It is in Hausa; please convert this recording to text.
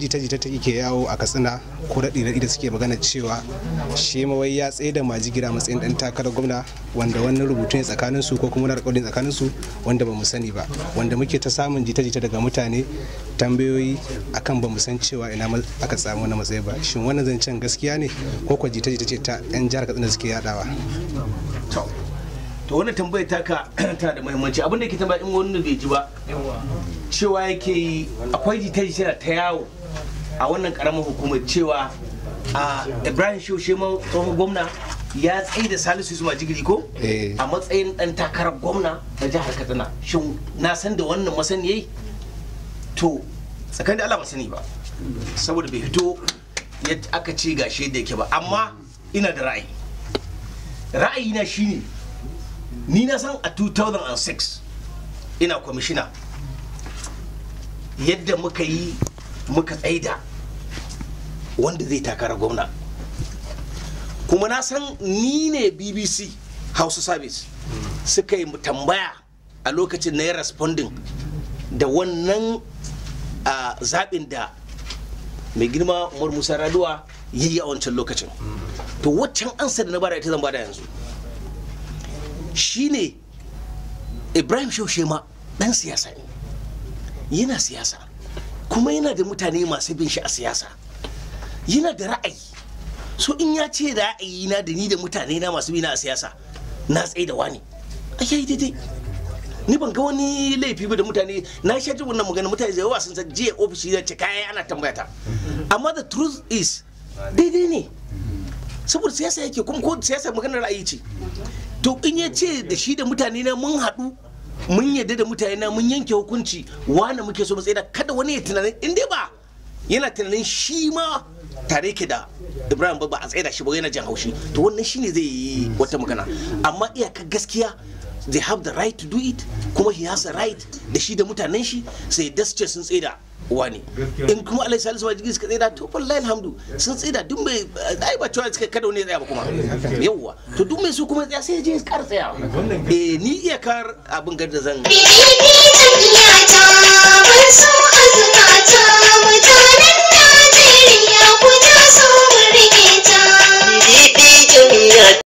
jita-jita ta ke yawo a katsina ko daɗi da suke magana cewa shi mawai ya tsaye da majigira matsayin ɗan takarar gwamna wanda wannan rubutu ne tsakanin su ko kuma na rikodin tsakanin su wanda ba mu sani ba wanda muke ta samun jita-jita daga mutane tambayoyi akan ba mu san cewa ina aka samu na matsayi ba shin wannan zancen gaskiya ne ko kwa jita-jita ce ta ɗan jihar katsina suke yadawa to wani tambayar ka ta da muhimmanci abinda ke tambaya in wani bai ji ba cewa yake yi akwai jita-jita ta yawo a wannan karamar hukumar cewa a ibrahim shehu shema tsohon gwamna ya tsaye da salisu yusuf jigiri ko eh. a matsayin dan takarar gwamna na jihar katsina shin na san da wannan masaniyai to tsakanin da allah ba sani ba saboda bai fito yadda aka ce gashi yadda yake ba amma ina da ra'ayi ra'ayi na shine ni na san a 2006 ina kwamishina yadda muka yi muka tsaida wanda zai takara gwamna kuma na san ni ne bbc hausa service suka yi tambaya a lokacin na yi responding da wannan zaɓin da mai girma umar musa raduwa ya yi a wancan lokacin to waccan ansa da na bada ita zan bada yanzu shine ibrahim shaushe ma ɗan siyasa ne yana siyasa kuma yana da mutane masu bin shi a siyasa yana da ra'ayi so in ya ce ra'ayi na da ni da mutane na masu bina a siyasa na tsaye da wani a daidai ni ban ga wani laifi ba da mutane na sha jin wannan magana mutane zai yawa sun san jiya ofishi da cika yayi ana tambaya ta amma the truth is daidai ne saboda siyasa yake kuma ko siyasa maganar ra'ayi ce to in ya ce da shi da mutane na mun haɗu mun yadda da mutane na mun yanke hukunci wani muke so mu tsaye da kada wani ya tunanin in ba yana tunanin shi ma tare ke da ibrahim babba a tsaye da shi ba yana jan haushi to wannan shine zai yi wata magana amma iyakar gaskiya they have the right to do it kuma he has the right da shi da mutanen shi sai dasce sun tsaye da wani in kuma alai salisu ma suka tsaye da to wallahi alhamdu sun da dun mai ai ba cewa suka kada wani ya tsaya ba kuma eh, yawwa to dun mai su kuma tsaya sai ya je su kar tsaya eh ni iya kar abin gar da zan